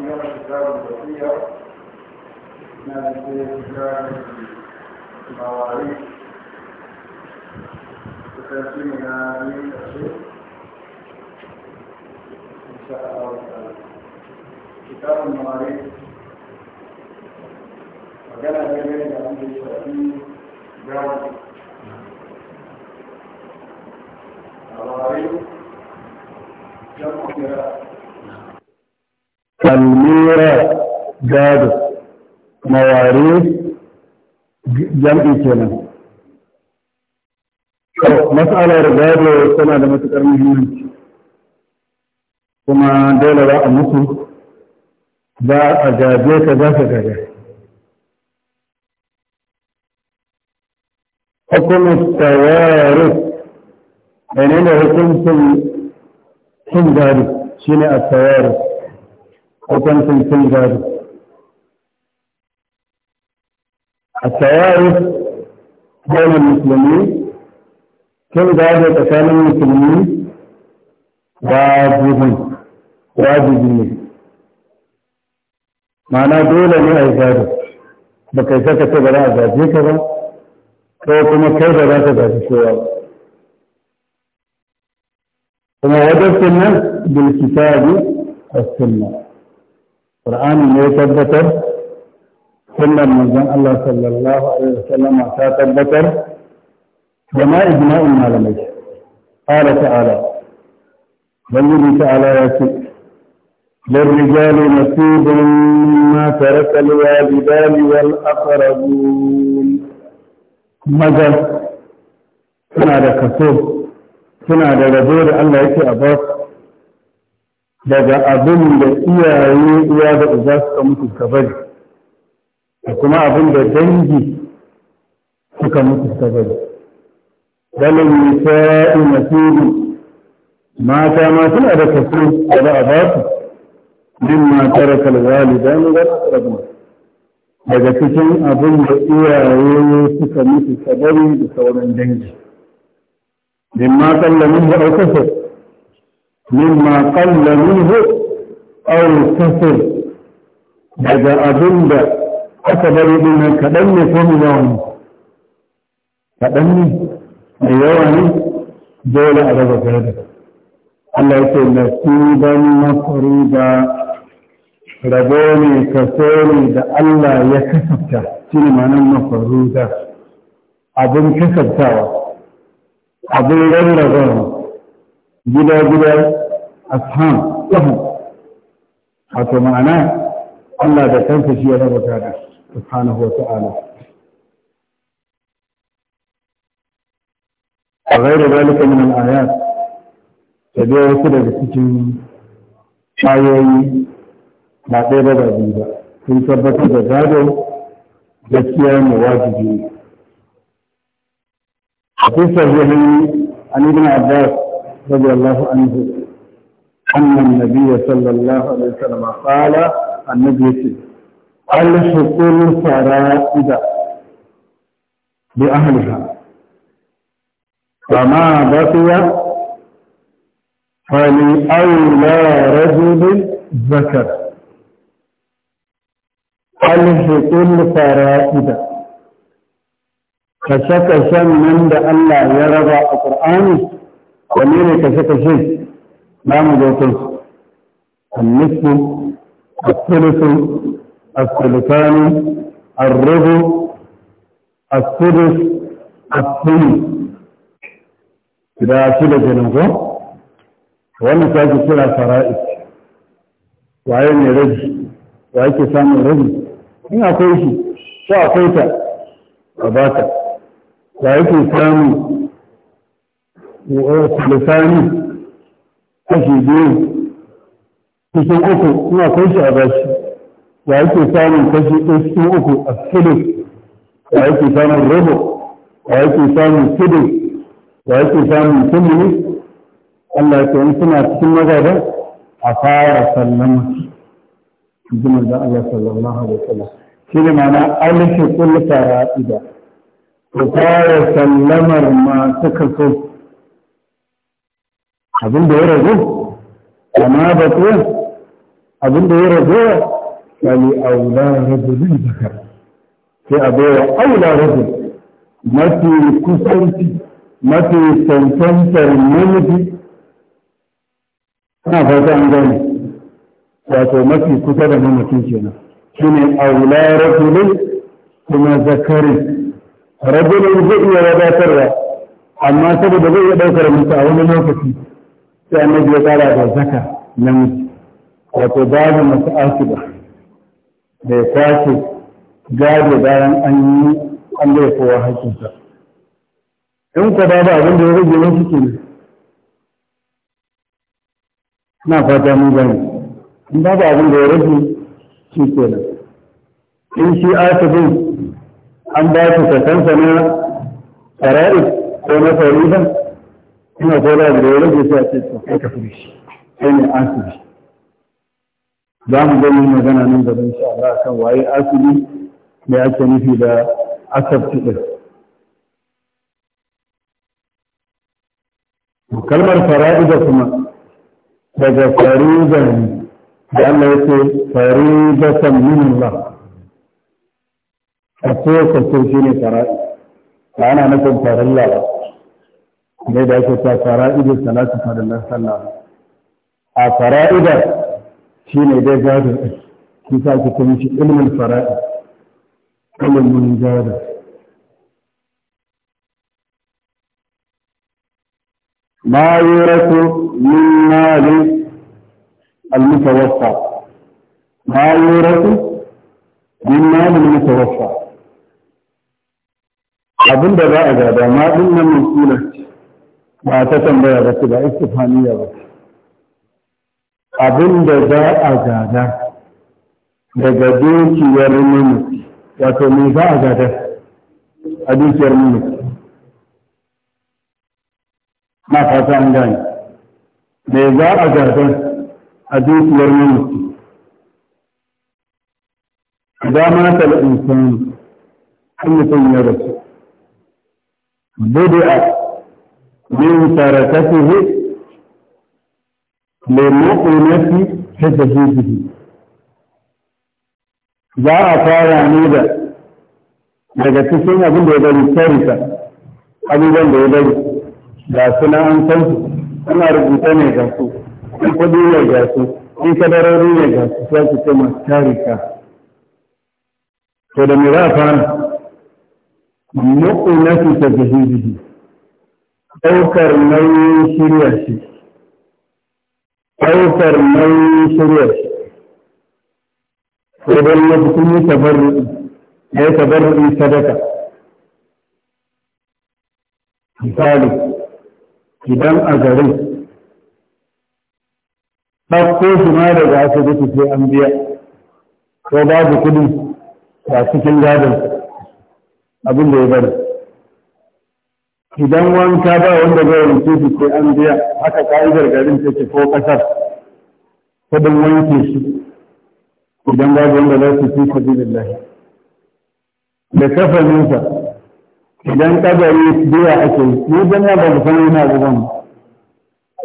إنما كتاب الوصية ما يكون كتاب المواعيد وترجمنا من الشيخ إن شاء الله تعالى كتاب المواعيد وكان بين عند الشافعي جاوب المواعيد جمع قراءة almira gado mawari jam'i kenan mas'alar gado tana da matukar muhimmanci kuma dole ba a mutu za a gaje ka za ka gaje hukumin tawarin menene hukuncin cin gado shi ne a tawarin وتنسل في ذلك التوارث بين المسلمين كل بعض أسامي المسلمين واجبهم واجب لي معنى دولة لي أعزاده بكيسة كبرا أعزاده كبرا فوقما كيف أعزاده بهذه الشوارة ثم وجدت الناس بالكتاب السنة Qur'ani ne ya tabbatar sunnar manzon Allah sallallahu alaihi wasallam ta tabbatar da ma ijma'in malamai qala ta'ala Ubangiji ta'ala ya ce للرجال نصيب مما ترك الوالدان والأقربون ماذا suna da kaso suna da rabo da Allah yake a ba su daga abin da iyaye uwa da uba suka mutu ka bari da kuma abin da dangi suka mutu ka bari dalin nisa'i nasibi mata ma suna da kaso da ba a ba su din ma taraka alwalidan wal aqrabun daga cikin abin da iyaye suka mutu ka bari da sauran dangi din ma sallamin da aukasa mimma qalla minhu aw kasir daga abin da aka bari din nan kaɗan ne ko mai yawa ne kaɗan ne mai yawa ne dole a raba gado Allah ya ce nasiban mafruda rabo ne kaso ne da Allah ya kasafta shi ne ma'anar mafruda abin kasaftawa abin rarrabawa جدا جدا أصحاب لهم حتى معناه ألا تنسى شيئا وكان سبحانه وتعالى وغير ذلك من الآيات تبيع وسيلة بسجن شايعي لا تبع بعضيها في ثبت بزاده جسيا مواجهين حقيقة جهني عن ابن عباس رضي الله عنه أن النبي صلى الله عليه وسلم قال النبي ألحق الفرائد بأهلها فما بقي فلأولى رجل ذكر ألحق الفرائد كشكشا من الله يرضى القرآن wanne ne kashe-kashe ba mu da kansu annisu asulusu asulusani arrubu asulus asulu da shi da kenan ko wannan ta ke kira fara'is waye ne rabi wa yake samun rabi in akwai shi ko akwai ta a bata wa yake samun ثلثاني kashi biyu cikin uku suna kai shi a bashi ya yake samun kashi ɗaya cikin uku a filin ya yake samun rabo ya yake samun filin ya yake samun filin Allah ya in suna cikin magada a fara sallan jimin da Allah sallallahu alaihi wasallam shi ne mana alishi kullu fara'ida ku fara sallamar masu kaso abin da ya rago amma ba tsoya abin da ya rago wula aula zai zakar sai a bawa aula rajul mafi kusanci mafi tantantar namiji ana fata an gane wato mafi kusa da mamacin kenan wula aula rajulin kuma zakarin ne zai iya wadatarwa amma saboda zai iya ɗaukar mutu a wani lokaci sai annabi ya kara da zaka na namiji wato babu masu asiba da ya kwace gado bayan an yi an bai kowa hakinsa in ka ba abin da ya rage wani suke ne na fata mun gani in ba abin da ya rage shi ke nan. in shi asibin an ba su kasansa na fara'id ko na faridan ina ko da da rage sai a ce to kai ka fure shi kai ne asibi za mu gani magana nan gaba insha Allah kan waye asibi da ake nufi da asabti din kalmar fara'ida kuma daga farida ne da Allah ya ce faridatan min Allah kaso kaso shine fara'ida ba ana nufin farilla ba ne da ake ta fara'idu salatu fadallar sallah a fara'ida shi ne dai gado shi sa ake kuma shi ilmin fara'id ilmin gado ma yurasu min mali al-mutawaffa ma yurasu min mali al-mutawaffa abinda za a gada ma din nan mun ba ta tambaya ba ce ba istifaniya ba abin da za a gada daga dukiyar nuna wato me za a gada a dukiyar nuna na fata an gane me za a gada a dukiyar nuna da ma ta da insani an mutum ya rasu a min tarakatihi limu'inati tajhidihi za a fara ne da daga cikin abin da ya bari tarika abubuwan da ya bari ga suna an san su ana rubuta ne ga su in kudi ne ga su in kadarori ne ga su za su ce masu tarika to da me za a fara na ta mu'inati tajhidihi ɗaukar nauyin shirya shi ɗaukar nauyin shirya shi sai don ya fi kuma yi tabarru'i ya yi tabarru'i sadaka misali idan a garin ɗauko shi ma daga asibiti sai an biya ko babu kuɗi a cikin gadon abin da ya bari idan wanka ba wanda zai wanke shi sai an biya haka ka'idar garin ce ko kasar kudin wanke shi idan babu wanda za su fi sabilillahi da kafaninsa idan kadari biya ake yi ni dan ya ba san yana gaban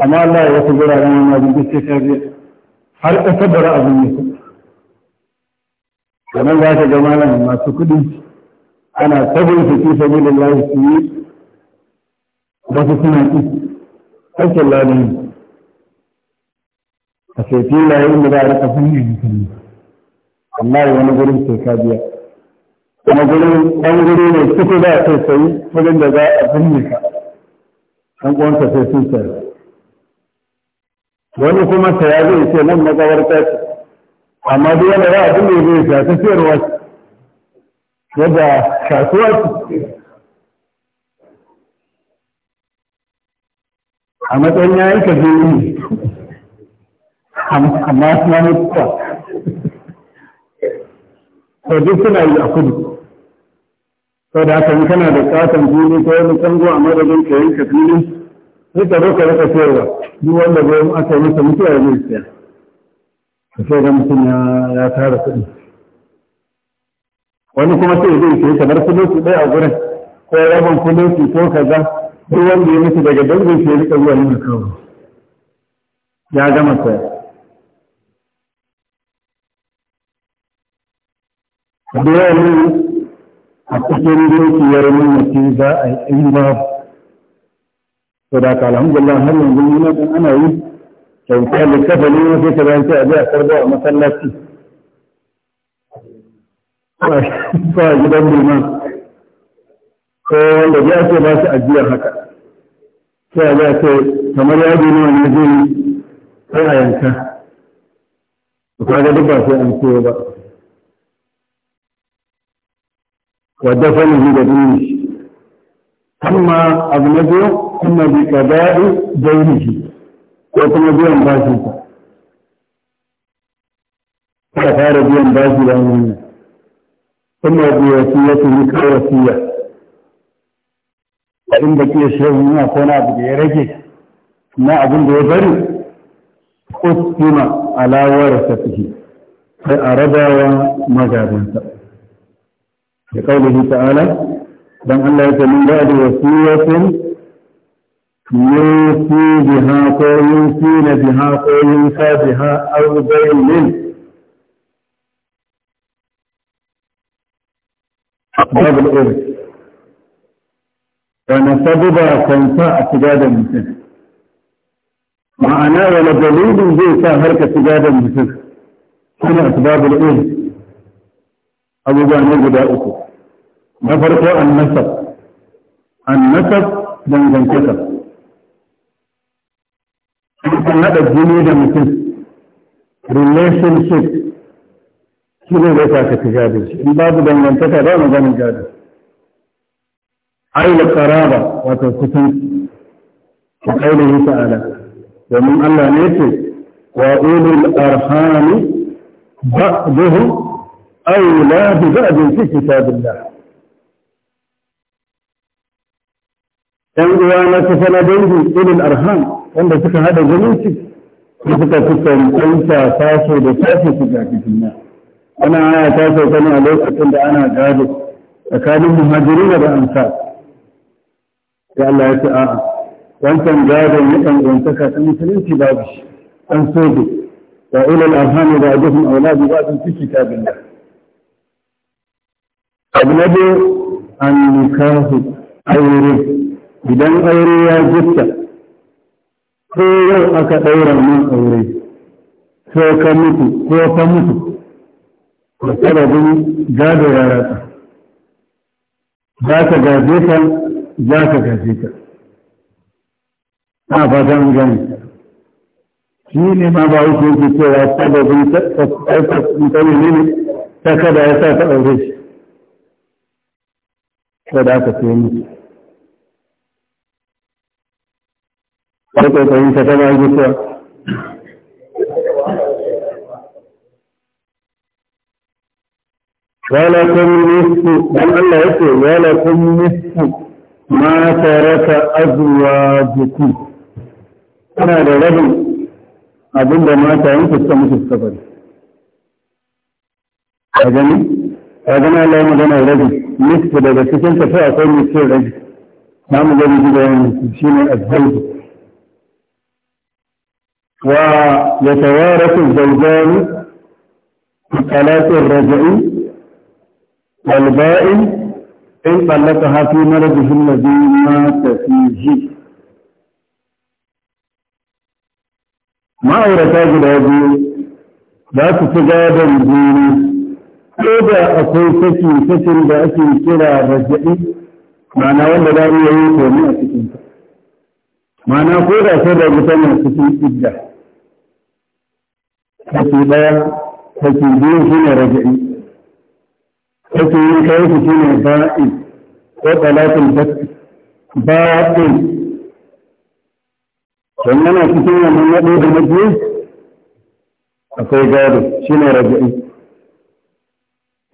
amma Allah ya wasu guraren yana da duk sai biya har kasar da ra'abin ne kamar za ka ga malam masu kuɗi ana sabon su fi sabilillahi su yi wasu suna ƙi aikin ladin a sai filayen da za a rika sun yi musulmi amma wani gurin sai ka biya kuma gurin ɗan guri ne suke za a sai sayi wurin da za a binne ka an uwanka sai sun sayi wani kuma saya zai ce nan na magabarta ce amma duk wanda za a binne zai sa ta siyarwa yadda kasuwa ce a matsayin ya yi ka yi, ne amma suna mutuwa to duk suna yi a kudu sau da haka kana da katon fili ko wani kango a madadin ka yanka fili sai ka zo ka rika cewa duk wanda zai aka yi masa mutuwa zai siya ka sai ga mutum ya tara kuɗi wani kuma sai zai bar kamar su ɗaya a gurin ko rabin su ko kaza duk wanda ya mutu daga dalibin sai rika zuwa yin kawo ya gama saya da yawan a cikin dukiyar mamaci za a yi ɗin babu sadaka alhamdulillah har yanzu muna kan ana yi kyauta da kafa ne wasu ta bayan sai a je a karba a masallaci ba gidan liman ko wanda ya ce ba su ajiyar haka sai ya ce kamar ya ji nawa ne zai sai a yanka ga duk ba sai an ciwo ba wadda fani da dini amma abu na biyu kuma bi kada'i shi ko kuma biyan bashi ka ka fara biyan bashi da wannan kuma ya siyatu ni siya. abin da ke shehu yana ko na abu da ya rage na abin da ya bari kustima alawar safihi sai a rabawa magadansa da kaulihi ta'ala don Allah ya ce min ba'di wasiyatin يوصي بها ويوصين بها ويوصى بها أو دين باب الإرث wani sabuba kan sa a shiga da mutum ma'ana wani dalilin zai sa har ka shiga da mutum suna asbabul ilm abubuwa ne guda uku na farko annasab annasab dangantaka kan haɗa jini da mutum relationship shi ne zai sa ka shiga da shi in babu dangantaka ba maganin gado aina qaraba wato kusan ta kaulihi ta'ala domin Allah ne ce wa ulul arhami ba'duhum أولى ببعض في كتاب الله ‘yan uwa na kusa na dangi irin arham wanda suka haɗa zumunci da suka fi cancanta taso da taso su ga juna ana ta taso kanu a lokacin da ana gado tsakanin muhajiri da amsa sai Allah ya ce a wancan gadon ya ka ta musulunci babu shi an soje wa ilal arhami da ajihun auladu ba sun fi kitabillah abu na biyu an nikahu aure idan aure ya jitta. ko yau aka ɗaura min aure ko ka mutu ko ka mutu da sababin gado ya rasa za ka gaje ka za ka gaje ta na fatan gani shi ne ma ba wuce yake cewa sababin tsarkakun ne ta kada ya sa ta ɗaure shi ko da aka fiye mutu ko ta kama yi cewa wala kun dan Allah yake wala ma taraka jiki. kuna da rabin abin da mata yanku suka musu suka bari a gani a gani Allah ya magana rabin nisfu daga cikin tafi akwai nisfin rabin na mu gani shi da yanzu shi ne azwaju wa ya tawarasu zaujani talatin raja'i والبائن in tsallaka hafi mara marajihin da zai mata fi ma'aurata guda biyu za su ci gadon juna. ko da akwai saki sakin da ake kira rajaɗi ma'ana wanda za iya yi komi a cikin ta ma'ana ko da sai da mutane cikin idda saki ɗaya saki biyu shi ne rajaɗi yake yin kayan su shi ne ba'i ko talatin ba'i don yana cikin wannan naɗe da na akwai gado shi ne raja'i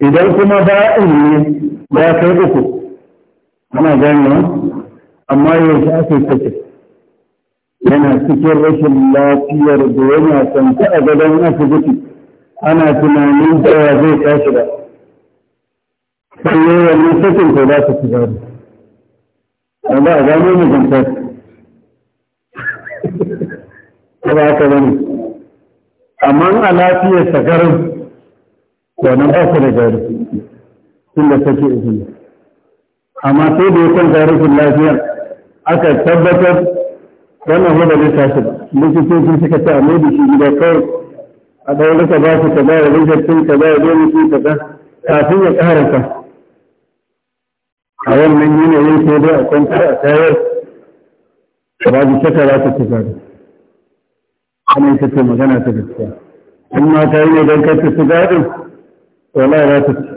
idan kuma ba'in ne ya kai uku ana ganewa amma yaushe ake sake yana cikin rashin lafiyar da yana kwanta a gadon asibiti ana tunanin da zai tashi ba sannan wannan sakin ko za su ci da ba? a gano mugunta ta ba ka bane amma a lafiyar ta sagarin wannan ba su da gado tunda sake izini amma sai da ya kwanta rashin lafiya aka tabbatar wannan wanda da tashi ba likitoci suka ce amma mai da shi gida kawai a ɗaurika ba su kaza ya rigar cin kaza ya zo ka kaza kafin ya ka. a wannan yanayin sai dai a kwanta a tayar babu shaka za ta cika da ana ita ce magana ta gaskiya in ma ta yi ne don kar ta shiga din to la za ta ci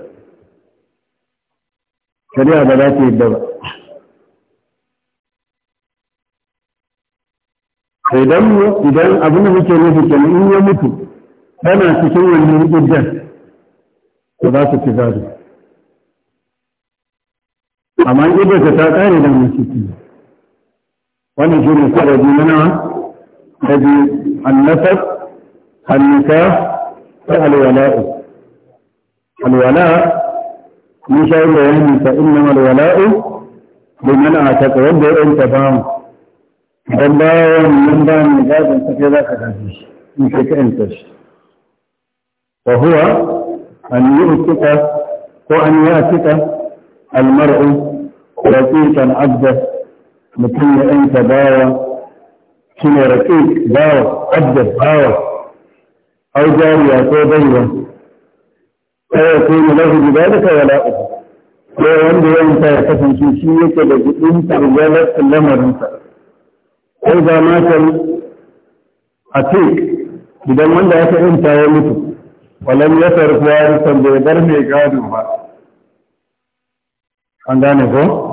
shari'a ba za ta yi daba idan idan abin da muke nufi kenan in ya mutu tana cikin wannan idan to za ta ci gado amma idarsa ta kare da mutum wannan shi ne kwarabi na nawa da bi annasar hannisa ta alwala'u alwala mun sha yin bayani ta inna alwala'u domin a taka wanda ya ta bamu don bawan nan ba mai gadon ta kai za ka gaji shi in kai ka ɗanta shi wa huwa an yi ko an yi al-mar'u raƙiƙan abda mutum ya ɗanta bawa shi ne raƙiƙ bawa abda bawa au jariya ko baiwa kawai ko mu lafi guda da kawai la'u ko wanda ya yanta ya kasance shi yake da gudun targalar lamarinsa ko ba matar a idan wanda aka yanta ya mutu walam ya farfi tarfi warisan bai bar mai gado ba an gane ko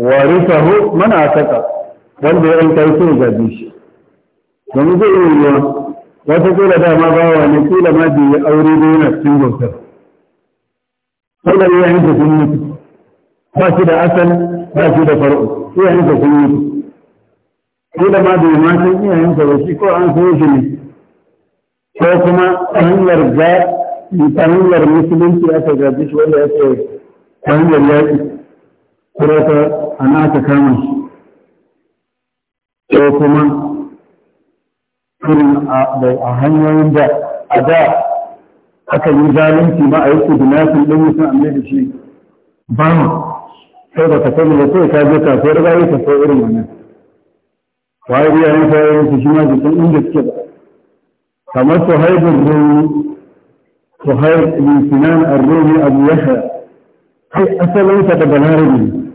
warisahu man ataka wanda ya kai shi ga shi domin zai iya ta wata kila dama ba wani kila ma bai aure da yana cikin bautar sannan ya da sun mutu ba shi da asali ba shi da farko ya da sun mutu kila ma bai ma san iya yanka da shi ko an so shi ne ko kuma ta hanyar ga ta hanyar musulunci aka gaji shi wanda ya ce ta hanyar yaƙi kurata ana aka kama shi ko kuma irin a hanyoyin da a da aka yi zalunci ba a yi su dinafin ɗin mutum amma da shi ba mu sai da ka sani da sai ka je kasuwar ba yi kasuwar irin wannan wai biya ne sai yin su shi ma jikin inda suke ba kamar su haibun rumi su haibun sinan arrumi abu yahya kai asalinsa da balarabi ne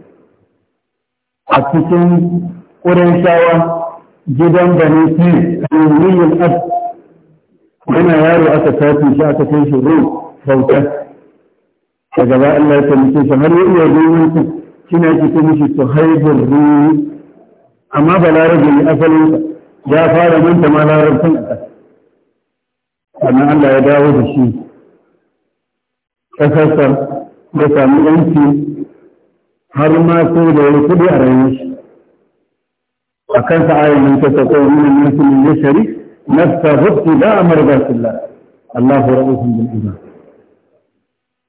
a cikin shawa gidan bani fi ruwiyin ab yana yaro aka tafi shi aka kai shi ru bauta a gaba Allah ya taimake shi har ya iya ruwiyin shi ne ake kai shi suhaibul ruwi amma ba larabi ne asalinsa ya fara manta ma larabcin a sannan Allah ya dawo da shi ƙasarsa ya sami yanci har ma ko da wani kuɗi a rayuwar shi a kansa ayin nan ta tako wani nasu min yashari na hukki da amar basillah Allahu ra'ufun bil ibad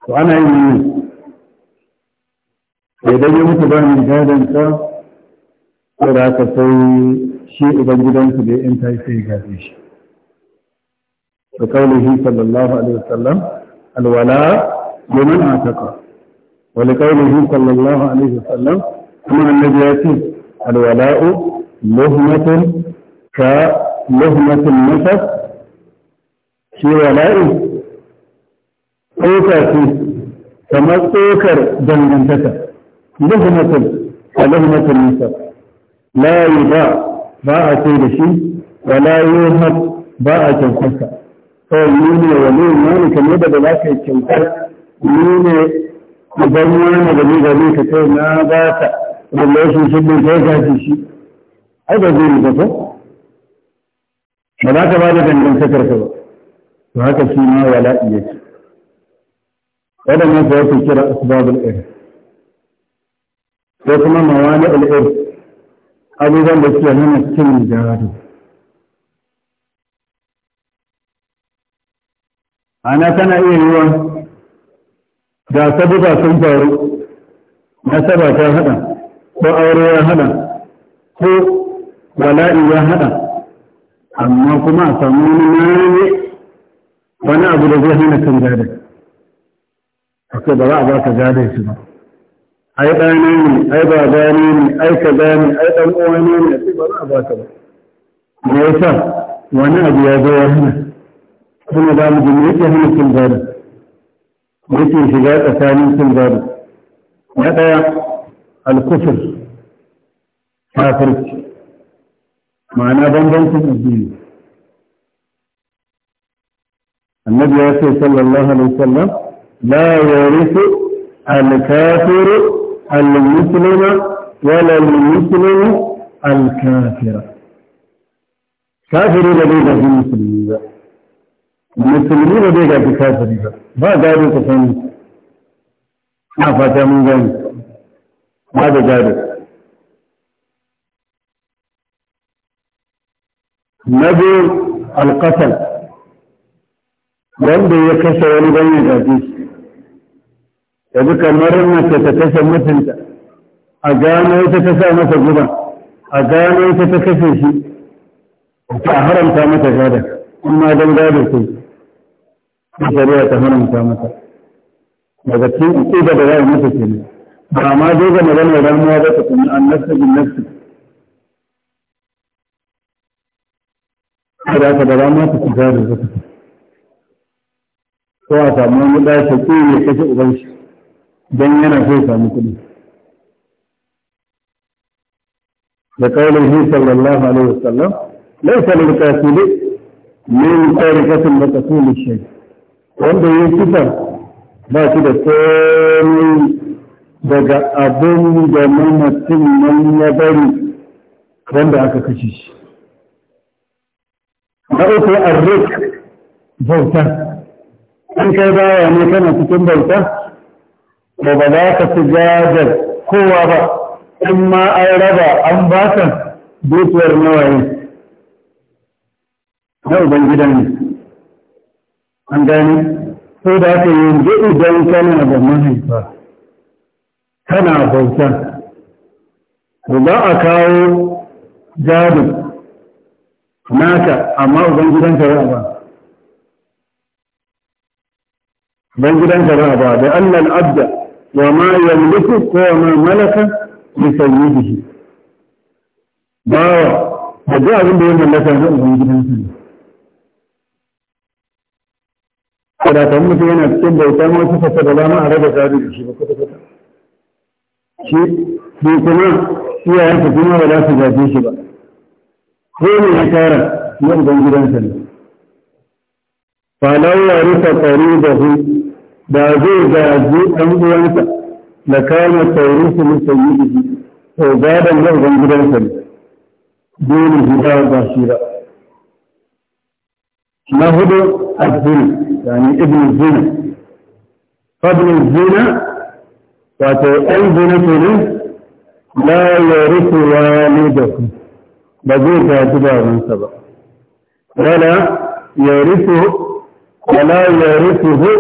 to ana yin ne idan ya mutu ba mai gadon sa ko da aka sai shi idan gidansu da yan tayi sai gaje shi kawai kaulihi sallallahu alaihi wasallam alwala liman ataqa ولقوله صلى الله عليه وسلم كما الذي يأتي الولاء لهمة كلهمة النفس شي ولائي أوكا في كما أوكر دنجنتك لهمة كلهمة النفس لا يباع باع سيد شيء ولا يوهب باع كنفسك kawai ni ne wa ne ne kamar da ba za ka yi kyautar ni ne idan wani gari gari ka kai na ba ka relationship ne kai gaji shi ai ba zai ba ko ba za ka ba da dangantakar ka ba to haka shi ma wala iya ce waɗannan sa yake kira asbabul ir ko kuma mawani al-ir abubuwan da suke hana cin gado ana kana iya yiwa da ba sun faru na saba ta hada ko aure ya hada ko wala'i ya hada amma kuma a samu wani nane wani abu da zai hana kan gadon akwai ba za a baka gadon shi ba ai ɗana ne ai ba gane ne ai ka gane ai ɗan uwa ne ne ba za a baka ba me yasa wani abu ya zo ya hana kuma damu mu ji me yake hana kan gadon yake shiga tsakanin sun gado na ɗaya alkufur kafirci ma'ana bambancin addini annabi ya ce sallallahu alaihi wasallam la yarisu al-kafiru al-muslima wala al-muslimu al-kafira kafiri da bai da musulmi musulmi ba zai gaji kafiri ba ba gado ka sani na fata mun gani ba da gado na biyu alƙasar wanda ya kashe wani don ya gaji shi yanzu kamar mace ta kashe mutunta a gano ita ta sa masa guba a gano ita ta kashe shi ta haramta mata gada amma don gado sai da shari'a ta haramta mata daga cikin uquba da za a mata kenan ba ma dai ga maganar ramuwa ba ta kuma annasa bin nafsi kada ka da ramuwa ta kusa da zaka ko a samu wani ɗaya ta ƙi ya kashe uban shi don yana so ya samu kuɗi da ƙaunar sallallahu alaihi wasallam laisa lil kafiri min tarikatin da kasulin shaytan wanda ya kusa ba shi da komai daga abin da mamacin nan ya bari wanda aka kashe shi na uku arrik bauta an kai bawa ne kana cikin bauta ba ba za ka fi gajar kowa ba in ma an raba an ba ka dukiyar nawaye na ubangidan ne an gani? sai da aka yanzu idan kana da mahaifa kana bauta to za a kawo jari naka amma uban ka ba ba uban ka ba ba da annal abda wa ma yamliku ko wa ma malaka li sayyidihi bawa da duk abin da ya mallaka zai uban ka ne ta mutu yana cikin bauta ma wasu fasa da lama a raba gado da shi ba kuta kuta Shi ne kuma iyayen su kuma ba za su gaje shi ba. Ko ne ya tara na uban gidansa ne. ba ya rufa tsari da su da zai gaje ɗan uwansa da kama tsari su musayi da shi. To gadon na uban gidansa ne. Dole su ba ba shi ba. Na hudu addini. yani ibn zina fadlin zina wato ɗan zina ke ne la ya rufe ba zai gaji babansa ba wala ya rufe wala ya rufe hu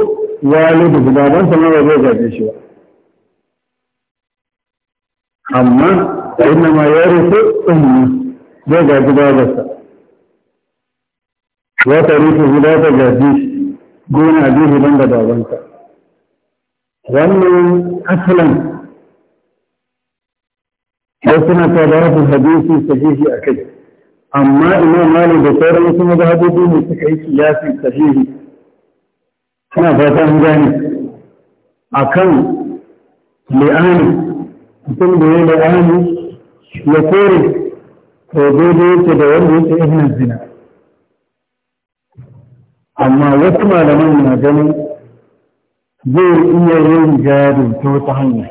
babansa ma ba zai shi ba amma inna ma ya rufe zai babansa wata rufe ta shi gona biyu ban da babanta. wannan asalan ya suna ta da wasu hadisi sahihi a kai amma ina malik da sauran wasu mazhabobi ne suka yi kiyasi sahihi suna fata an A akan li'ani mutum da ya li'ani ya kore to daidai yake da wanda yake ihnan zina amma wasu malaman na ganin zai iya yin jari ta wata hanya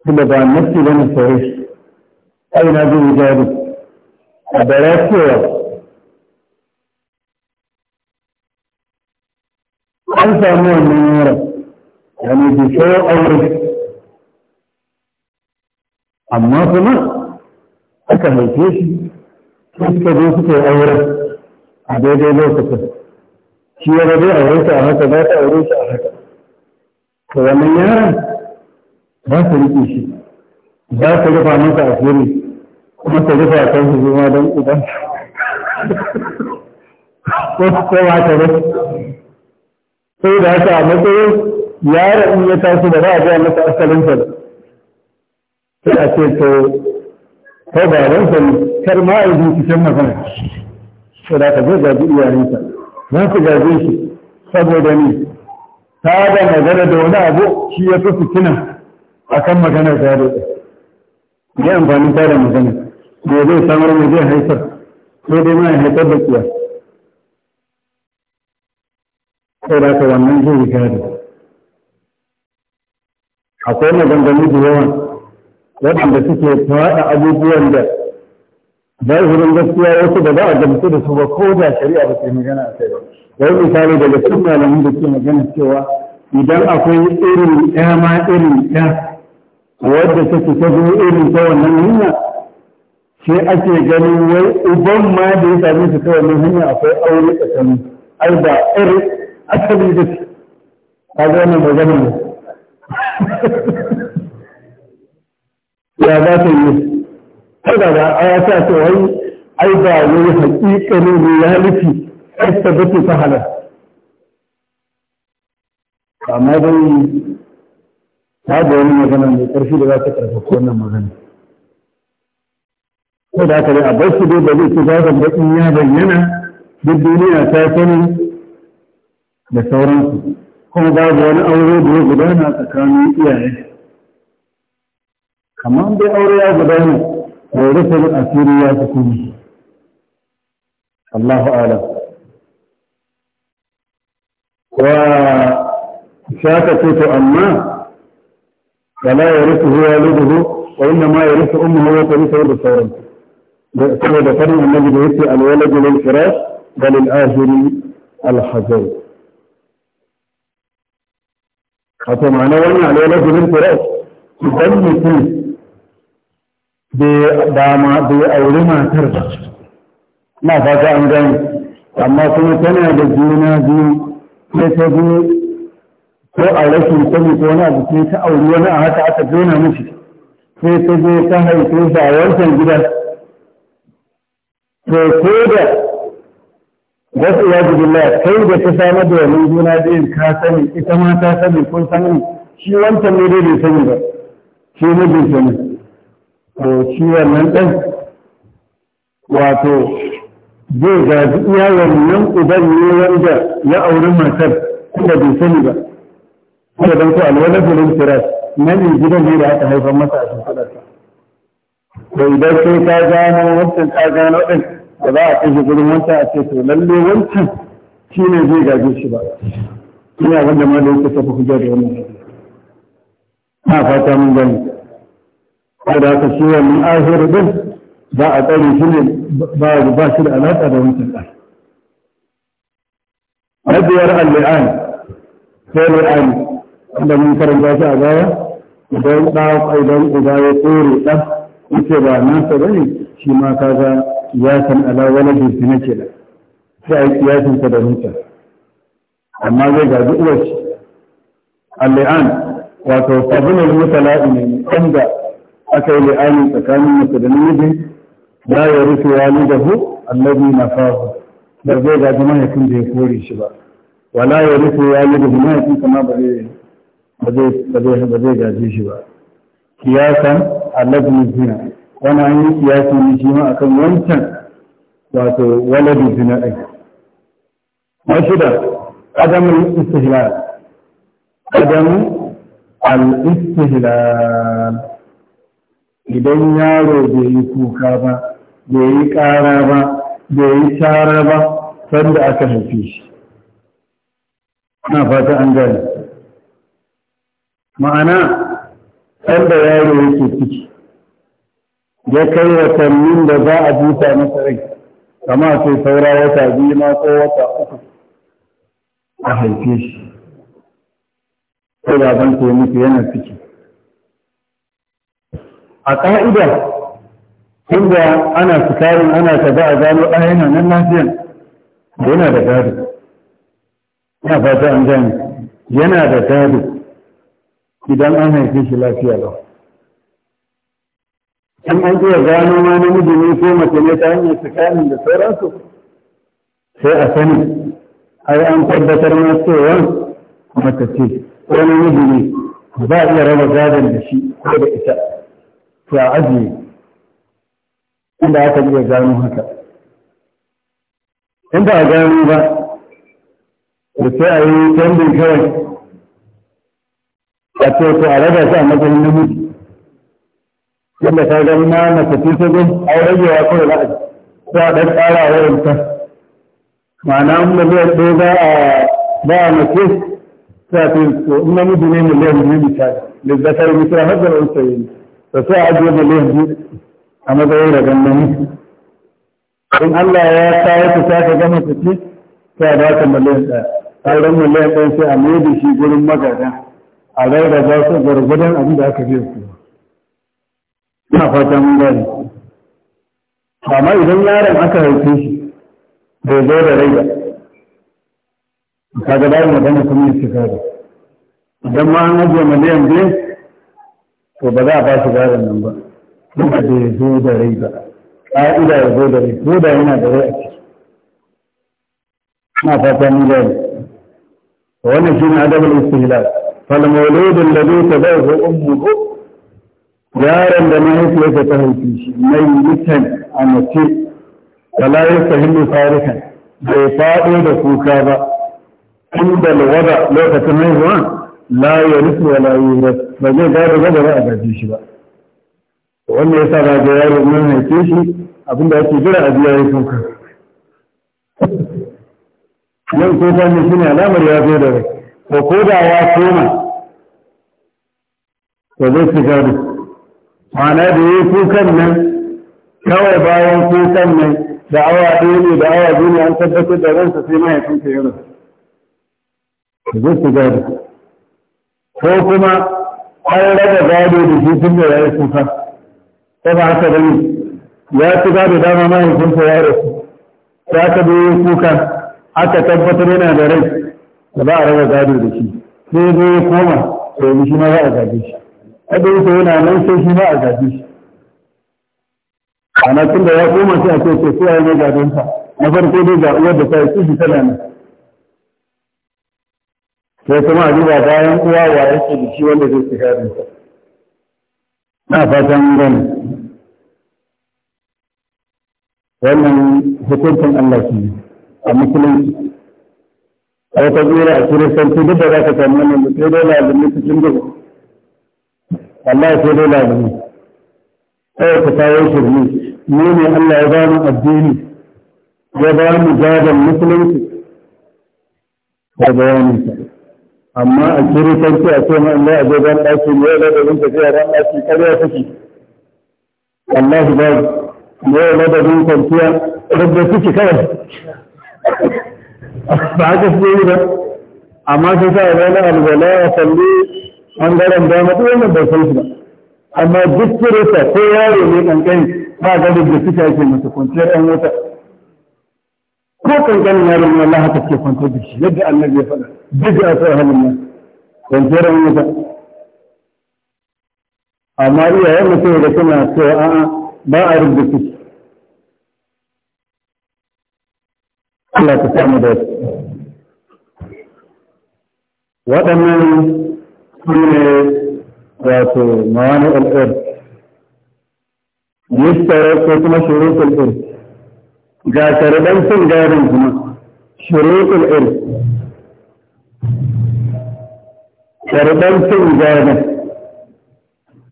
kuma ba nafi bane sauri ai na zai jari a bara cewa an samu wannan yaron yani bai kawo aure amma kuma aka haife shi suka zo suka yi auren a daidai lokacin shi ya rabe a wurinsa a haka za ta aure shi a haka to wannan yaron za ta riƙe shi za ta rufa masa asiri kuma ta rufa a kan ma don idan ko ba ta rufe sai da haka a matsayin yaron in ya tashi da za a gaya masa sa sai a ce to kai ba ransa kar ma a yi dukkan magana to ka zai gaji iyalin iyalinsa za su gaje shi saboda ni ta da magana da wani abu shi ya fi fitina a kan maganar da ɗin ya amfani ta da magana me zai samar mai zai haifar ko dai ma ya haifar da kuwa sai da ka wannan zai yi gado akwai maganganu da yawa waɗanda suke faɗa abubuwan da zahirin gaskiya wasu da za a gamsu da su ba ko da shari'a ba ke magana a kai ba wani misali daga cikin malamin da ke magana cewa idan akwai irin ɗaya ma irin ɗaya wadda take ta zo irin ta wannan hanya sai ake ganin wai uban ma da ya same su ta wannan hanya akwai aure tsakani ai ba ɗar asali da su ka ga wannan magana ne ya za ta yi kada da aya ta ce wai ai ba wai haƙiƙanin reality ai tabbata ta halar amma dai ta da wani magana mai ƙarfi da za ta ƙarfafa wannan magana ko da haka dai a bar su dai ba zai ci zaɓen baƙin ya bayyana duk duniya ta sani da sauransu kuma babu wani aure da ya gudana tsakanin iyaye kamar dai aure ya gudana ورسل أسيريا تكوني الله أعلم وشاك كيف أما فلا يرث والده وإنما يرث أمه وترث أبو الثورة لأسوى ذكر أن نجد يرث الولد للفراش بل الآخر الحزن حتى معنى وأن على الولد للفراش تبني فيه bai auri matar ba na fata an gani amma kuma tana da juna biyu sai ta biyu ko a rashin sani ko wani abu ta auri wani a haka aka jona mishi sai ta je ta haife shi a wancan gida to ko da wasu ya ji billah kai da ta samar da wani juna biyun ka sani ita ma ta sani kun sani shi wancan ne dai bai sani ba shi mijin sani to shi wannan ɗan wato zai gaji iya wannan uban ne wanda ya auri matar kuma bai sani ba kuma don ko alwalar da firas na ne gidan ne da aka haifar masa a shimfiɗarsa to idan sai ta gano wancan ta gano ɗin da za a kashe gudun wancan a ce to lalle wancan shi ne zai gaji shi ba ina wanda ma da yake tafi hujjar da wannan na fata mun gani ko da haka shi wannan ahiru din ba a tsari shi ne ba shi da alaƙa da wancan ƙasa na biyar al-li'an sai li'an da mun karanta shi a baya idan ɗa idan uba ya tsore ɗa yace ba nasa bane shi ma kaga ya san ala wala bi na ke da sai a kiyasin ta da mutan amma zai ga duk uwar shi al-li'an wato sabulul mutala'in wanda aka yi li'ani tsakanin mace da namiji la ya rufe walidahu allazi na fahu ba zai gaji mahaifin da ya kore shi ba wala ya rufe walidahu mahaifin kama ba zai gaji shi ba kiyasan allazi zina wani an yi kiyasi ne shi ma akan wancan wato waladu zina ɗin na shida adamun istihlal adamun al-istihlal idan yaro bai yi kuka ba bai yi ƙara ba bai yi tara ba sanda aka haife shi ana fata an gane ma'ana sanda yaro yake ciki ya kai watannin da za a buta masa rai kama sai saura wata biyu ma ko wata uku a haife shi ko da ban mutu yana ciki a ƙa'ida inda ana fitarin ana kaza a gano a yana nan lafiyan yana da gado ba ta an gani yana da gado idan an haife shi lafiya ba in an iya gano ma namiji ne ko mace ne ta hanyar tsakanin da sauransu sai a sani ai an tabbatar ma cewa mace ce ko namiji ne ba a iya raba gadon da shi ko da ita to a ajiye inda aka iya gano haka in ba a gano ba da sai a yi canjin kawai a ce to a raba shi a matsayin namiji yadda ta gani na mace ce ta gun a ragewa kawai za a ko a ɗan ƙara a wurin ta ma'ana in miliyan ɗaya za a ba a mace ta ce to in namiji ne miliyan biyu misali da zakar misali har da wani sayi da sai a ajiye miliyan biyu a matsayin da gangami in Allah ya kawo ta ta ka gama ta ci, sai a ba ta miliyan ɗaya sauran miliyan ɗaya sai a maida da shi gurin magada a ba su gwargwadon abin da aka biya su ina fatan mun gane amma idan yaron aka haife shi bai zo da rai ba ga babu magana kuma ya shiga da idan ma an ajiye miliyan biyu to ba za a ba shi gadon nan ba duk da bai zo da rai ba ƙa'ida ya zo da rai ko da yana da rai a ciki ina fata mun gane wannan shi ne adabul istihlal fal mawludul ladhi tabahu ummuhu yaron da mahaifiyarsa ta haifi shi mai mutan a mace wala ya sahilu farikan bai faɗo da kuka ba inda lawada lokacin haihuwa la ya rufu wa la yi ba zai gado ba da ba a gaji shi ba wanda ya sa ba da yi mun haife shi abinda ake jira a biya ya kuka yan ko ta ne shine alamar ya zo da rai ko ko da ya koma to zai ci gado ma'ana da ya kukan nan kawai bayan kukan nan da awa ɗaya ne da awa biyu ne an tabbatar da ransa sai mahaifinka ya rasu zai ci gado ko kuma an raba gado da shi tun da ya yi kuka ko ba haka bane ya ci gado dama mahaifinsa ya rasu ya ka yi kuka aka tabbatar yana da rai da ba a raba gado da shi sai zo ya koma to shi ma za a gaje shi kada yake yana nan sai shi ma a gaje shi ana tun da ya koma sai a ce ce sai ya yi gadonsa na farko dai ga uwar da ta yi kishi tana nan sai kuma a duba bayan uwa wa yake da shi wanda zai sigarin ta na fatan gani wannan hukuncin Allah shi a musulunci a wata zuwa a kiristanci duk da za ka samu wannan mutum dole a zumi cikin duhu Allah sai dole a zumi kawai ka kawo shirme ne ne Allah ya ba mu addini ya ba mu gadon musulunci da bayanin sa amma a kiritanci a ce ma Allah a zo ban ɗaki ne da da tafiya ban ɗaki ƙarya take Allah ba ne da da bin kwanciya rabbe suke kawai ba haka su yi ba amma sai sa wani alwala ya salli ɓangaren dama duk wannan bai san ba amma duk kirista ko yaro ne ƙanƙani ba ga da suke ake masa kwanciyar ɗan wata ko kankanin yaron nan Allah haka ce kwantar da shi yadda annabi ya faɗa duk a sai halin nan kwantar da mutum amma iyayen mutum da suna cewa a'a ba a rubuta shi Allah ta samu da waɗannan su ne wato mawani al'ir yista ko kuma shurutul irs ga sharaɗan cin gadon kuma shuruɗin irs sharaɗan cin gadon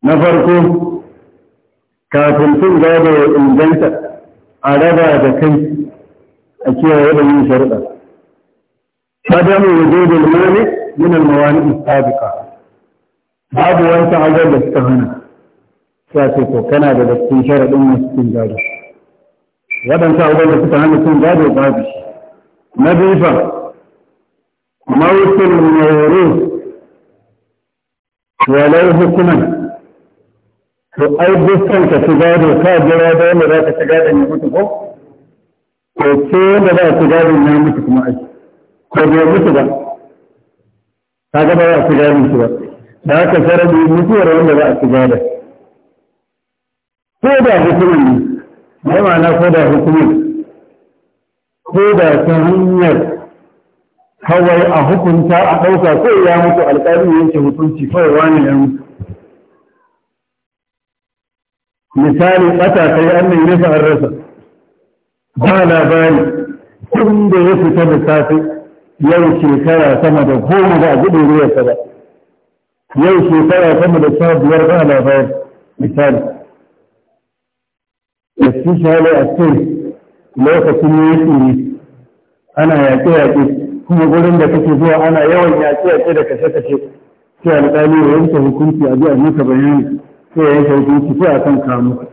na farko kafin cin gado ya inganta a raba da kai a kiyaye da yin sharaɗa قدم وجود المانع من الموانع السابقة babu wata azar da suka hana sai ce to kana da dattin sharaɗin masu cin gado waɗanda abubuwan da suka hana sun gado babu shi na biyu fa mawusul mawuru walai hukuman to ai dukkan ka ci gado ka jira da wanda za ka ci gado ya mutu ko ko ce wanda za a ci gado ya mutu kuma ai ko bai mutu ba ka ga ba za ka ci gado shi ba da haka sarari mutuwar wanda za a ci gado ko da hukuman ne ya ma'ana ko da hukumar ko da ta hanyar kawai a hukunta a ɗauka ko ya mutu alƙalin yake hukunci kawai wani ya mutu misali ɓata kai annan ya an rasa ba labari tun da ya fita da safe yau shekara sama da goma ba a gudu ruwa ba yau shekara sama da sha biyar ba labari misali especially a cikin lokacin yaki ana yaƙe-yaƙe kuma gurin da kake zuwa ana yawan yaƙe-yaƙe da kashe-kashe sai alƙali ya yanke hukunci a biya nuka bayani sai ya yanke hukunci sai a kan kamu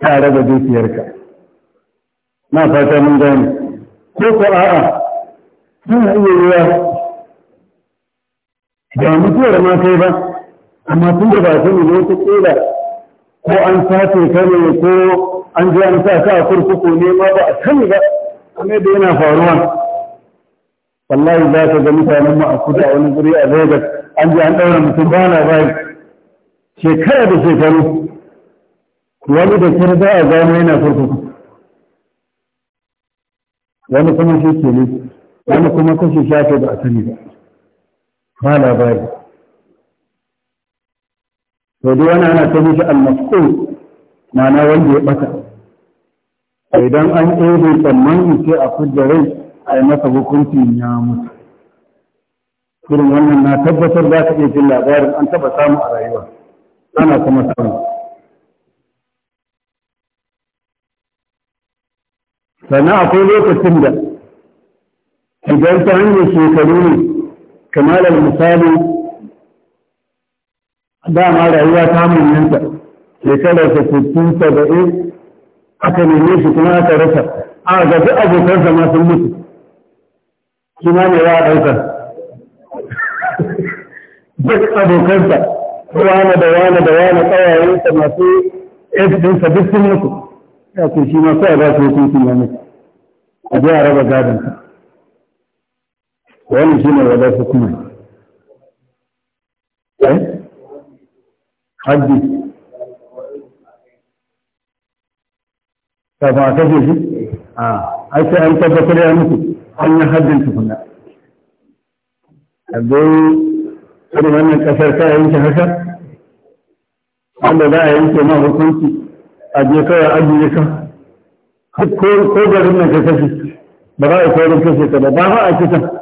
ta raba dukiyarka na fata mun gane ko ko a'a suna iya yiwa ba mutuwar ma kai ba amma tun da ba sani ne wata ƙila ko an sace ka ne ko an ji an sa ka kurkuku ne ma ba a sani ba kuma da yana faruwa wallahi za ka ga mutanen mu a kuta wani guri a Lagos an ji an daura mutum ba na bai shekara da shekaru wani da kira za a gano yana kurkuku wani kuma shi ke ne wani kuma kashe shafe ba a sani ba ba labari to duk wani ana ta mishi al-masqul ma'ana wanda ya bata idan an ɗebe tsammani sai a fidda rai a yi masa hukunci ya mutu irin wannan na tabbatar za ka iya jin labarin an taba samu a rayuwa ana kuma samu sannan akwai lokacin da idan ta hanyar shekaru ne kamar misali dama rayuwa ta mummanta shekarar sa sittin saba'in aka neme shi kuma aka rasa a ga duk abokansa ma sun mutu shi ma ne ya ɗauka duk abokansa wane da wane da wane ƙawayensa masu ɗinsa duk sun mutu ya ce shi ma sai a ba su hukuncin ya mutu a je a raba gadon ka Wani shi ne wadar hukumai eh? haddi ta ba ta jeji a aiki an tabbatar ya mutu an yi haddin tukuna abai irin wannan kasar ta yanke haka wanda za a yanke ma hukunci a je kawai ajiye ka ko garin nan ka kashe ba za a kawai kashe ka ba ba a kitan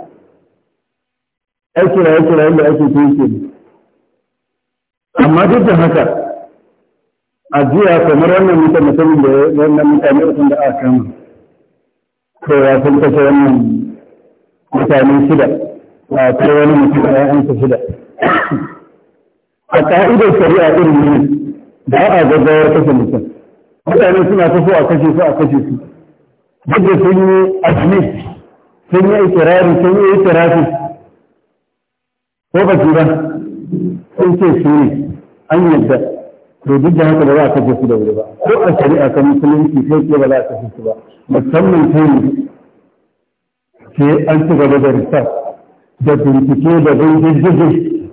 Aiki kiraye kirayen da ake kai ne amma duk da haka a jiya kamar wannan mutane mutumin da wannan mutane da aka kama to ya sun kashe wannan mutane shida a kai wani mutum a ƴaƴansa shida a ka'idar shari'a irin ne ba a gaggawar kashe mutum mutane suna ta so a kashe su a kashe su duk da sun yi admit sun yi ikirari sun yi ikirafi ko ba ki ba sun ce su ne an yadda to duk da haka ba za a kashe su da wuri ba ko a shari'a kan musulunci sai ke ba za a kashe su ba musamman kai ne sai an ci gaba da risas da bincike da bin jirgin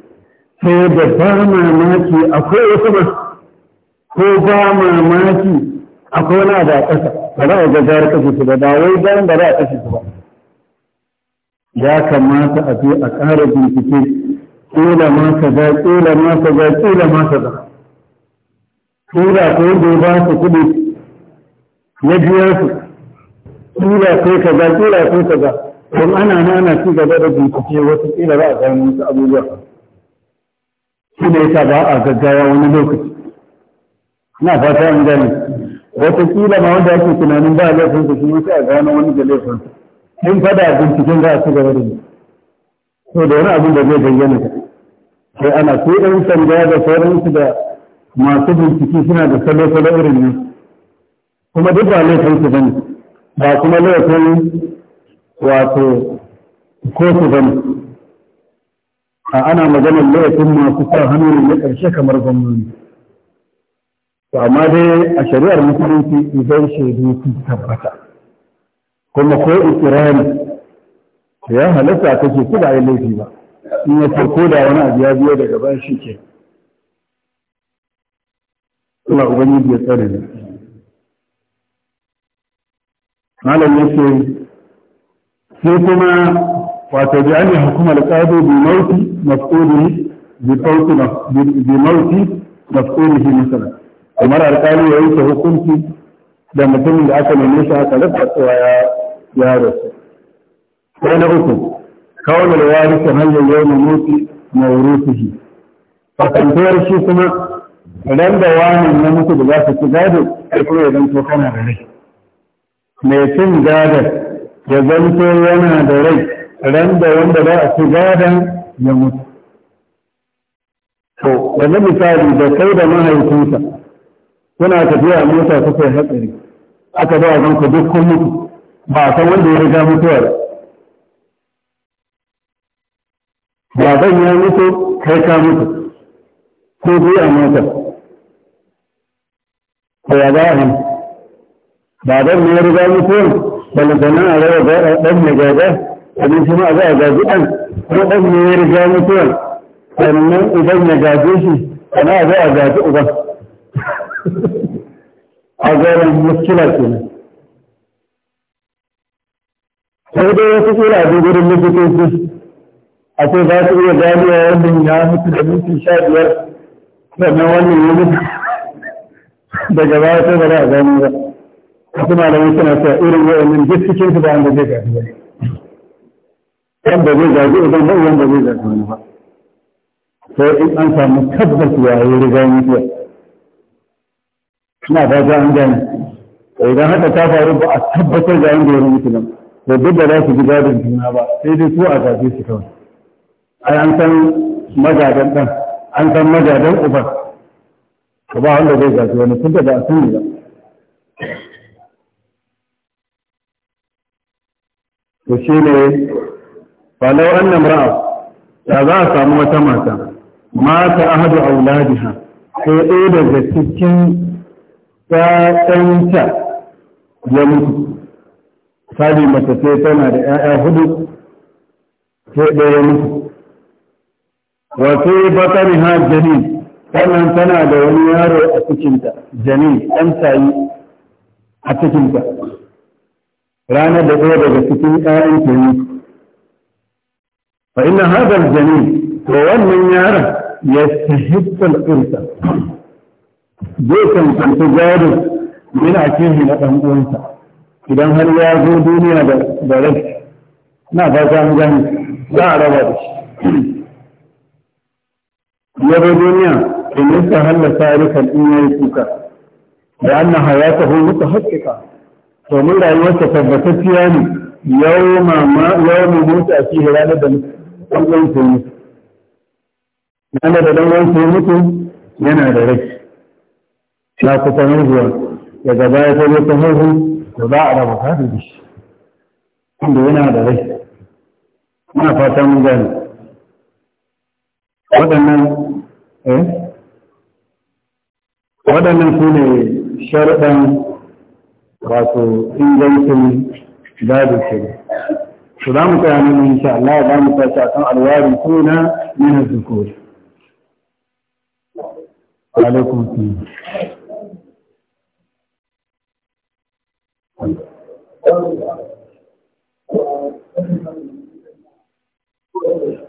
sai da ba mamaki akwai wasu ba ko ba mamaki akwai wani da a ƙasa ba za a ga gara kashe su ba ba wai ba za a kashe su ba ya kamata a je a ƙara bincike kila ma za kila ma za kila ma za kila ko da ba su kudi ya biya su kila ko za kila ko za don ana na ana ci gaba da bincike wasu kila ba a gano wasu abubuwa shi ne yasa ba a gaggawa wani lokaci na fata an gane wata kila ma wanda ake tunanin ba laifin su shi wasu a gano wani da laifin in fada binciken za a ci gaba da ni to da wani abin da zai bayyana sai ana ko ɗan sanda da sauransu da masu bincike suna da salo-salo irin nan kuma duk ba laifin su bane ba kuma laifin wato ko su bane a ana maganar laifin masu sa hannu na ƙarshe kamar gwamnati to amma dai a shari'ar musulunci idan shaidu sun tabbata kuma ko ikirari ya halatta kake kuɗa laifi ba in ya farko da wani abu ya biyo daga ba shi ke Allah ubangiji ya tsare ne malam ce sai kuma wato da an hukuma alqadi bi mauti mafqudihi bi qawti bi mauti mafqudihi kamar alqali ya yi hukunci da mutumin da aka nemi shi aka rasa cewa ya ya rasu sai na uku قول الوارث هل اليوم موت موروثه فكان دور شيء كما لم دوام من موت بذات التجاد يقول إذن توقعنا بري ميتم جادة يظل توانا دوري لم دوام بذات التجاد يموت so wannan misali da kai da mahaifinka kuna tafiya mota kuka yi hatsari aka ba zan ku duk kullum ba san wanda ya riga mutuwar baban ya mutu kai ka mutu ko biyu a motar ko ya ba a baban ne ya riga mutuwar balantana a rawa ɗan mai gaba abin shi ma a za a gaji ɗan ko ɗan ne ya riga mutuwar sannan idan ya gaje shi ana a za a gaji uban a garin muskila kenan sai dai wasu kira a gurin likitoci a ce za su iya gani a wannan ya mutu da minti sha biyar sannan wannan ya mutu daga baya sai ba za a gani ba wasu malamai suna cewa irin wa'annan duk cikin su ba wanda zai gaji ba wanda zai gaji idan ba wanda zai gaji wani ba sai in an samu tabbas yayi riga mutuwa ina fata an gani idan haka ta faru ba a tabbatar da wanda ya mutu nan to duk da za su ji gadin juna ba sai dai su a gaje su kawai ai an san majadan ɗan an san majadan uban ba wanda zai gaji wani tun da ba a sani ba to shi ne falau an ra'a da za a samu wata mata mata ahadu auladiha ko ɗaya daga cikin ƴaƴanta ya mutu misali mace ce tana da ƴaƴa hudu ko ɗaya ya mutu wato batani ha jani sannan tana da wani yaro a cikinta jani ɗan tayi a cikinta ranar da ɗaya daga cikin ƴaƴan ne. fa inna hadal jani to wannan yaron ya sahibta al'ursa zai kankanta jarin min a kehi na ɗan uwansa idan har ya zo duniya da rashi na ga an gani za a raba da shi يبدو دنيا إن أنت هل سالك الإيمان فيك لأن حياته متحققة فمن لا يتثبت يعني يوم ما يوم موت أسيه لا ندم الله يسلمك أنا بدل ما يسلمك أنا بدلك لا تتنزل يا جبايا تبيتهم وضع ربك هذا بش الحمد لله هذا ليس ما فاتهم ذلك وقال waɗannan su ne sharɗan wato ingancin babu shirin su za mu tsaya nan insha Allah ya za mu tashi akan alwarin kuna min zukur alaikum salam Thank you.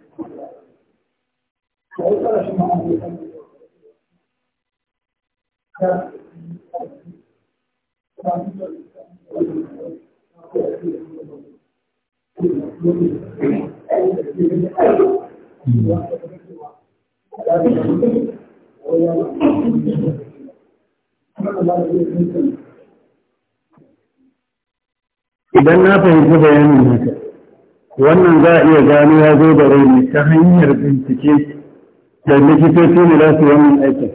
Idan na fahimci bayanin haka, wannan za a iya gano ya zo da raini ta hanyar bincike da likitoci ne za su yi wannan aikin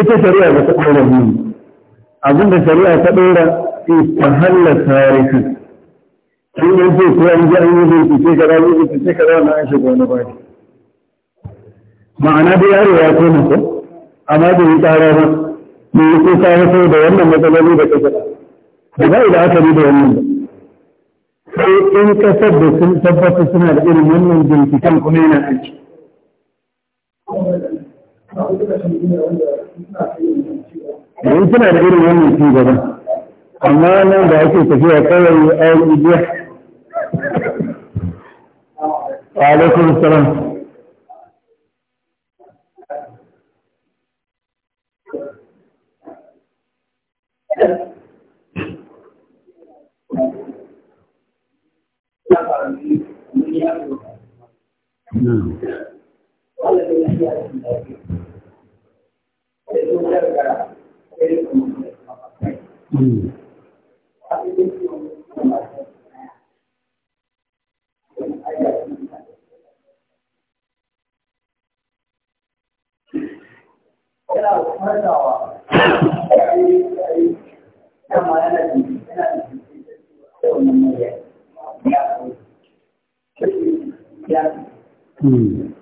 ita shari'a ba ta ɗora mu. abin da shari'a ta ɗora is ta hallata yaki shi ne ce ko an ji an yi bincike kaza yi bincike kaza na an shiga wani bari ma'ana da yaro ya koma ko amma bai yi tsara ba me yi kuka ya so da wannan matsaloli da kasa ba za a yi da aka da wannan ba sai in kasar da sun tabbata suna da irin wannan binciken kuma yana aiki Yanzu tana da irin wannan ci gaba, amma nan da ake tafiya kawai a yi biya. Alaikun salam. No. Allah bai yi ya cikin kuma kuma kuma da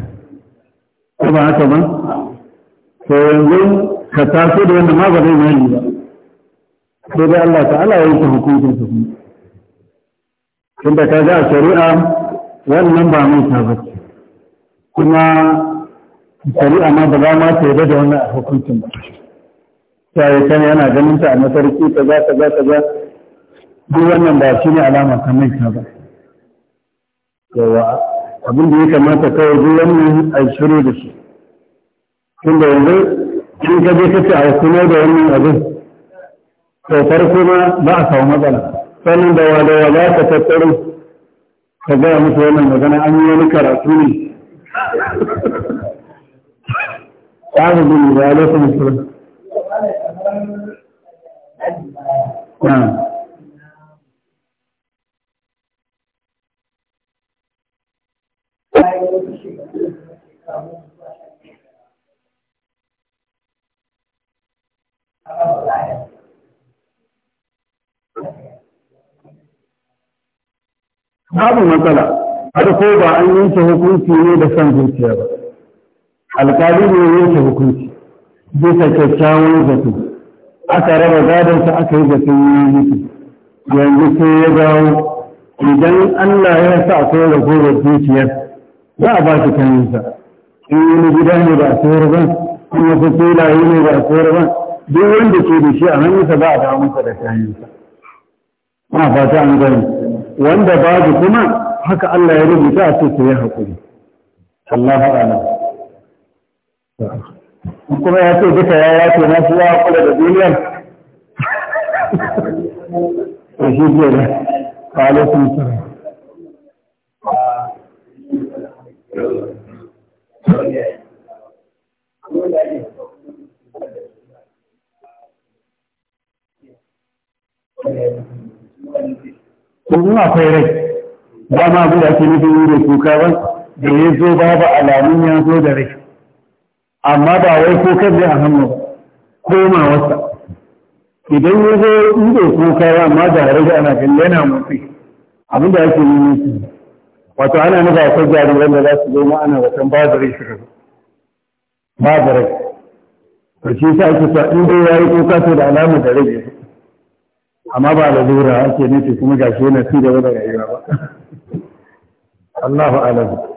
ko ba haka ba to yanzu ka taso da wanda ma ba zai mai ba sai dai Allah ta'ala ya yi hukuncin su tunda ka ga a shari'a wannan ba mai ta kuma shari'a ma ba za ma ta yarda da wannan hukuncin ba sai kan yana ganin ta a masarki ta ta za za ta za duk wannan ba shi ne alama kan mai ta ba yawa abin da ya kamata kawai duk wannan a shiru da shi da yanzu in ka je kace a kuma da wannan abin to farko ma ba a samu matsala sannan da wada ya za ka tattaro ka gaya musu wannan magana an yi wani karatu ne ƙasa bin da alaikun musulun Babu matsala, ko ba an yanke hukunci ne da son zuciya ba. Alƙali ne yanke hukunci, bisa kyakkyawan zato. Aka raba gadonsa aka yi ya yi yanzu sai ya dawo idan Allah ya sa akwai ragowar zuciyar za a ba shi kayansa in wani gida ne ba a sayar ba in wasu filaye ne ba a sayar ba duk wanda ke da shi a hannunsa za a ba masa da kayansa ma ta an gani wanda ba babu kuma haka Allah ya rubuta a sai ya haƙuri Allahu a'lam kuma ya ce duka ya yace na su ya kula da duniyar to shi ke da alaikum salam Domin akwai rai, ba ma guda ake nufin yi da kuka ba, da ya zo ba ba alamun ya zo da rai. Amma ba wai kokar da a hannu koma wasa. Idan ya zo yi da kuka ba, amma da rai ana kalli yana motsi, abinda ake nufin wato ana nufa akwai jari wanda za su zo ma'ana watan da rai suka zo babu rai to shi sa ake sa in dai yayi kuka to da alamu da rai amma ba da zura ake nufi kuma gashi yana ci gaba da rayuwa ba Allahu a'lam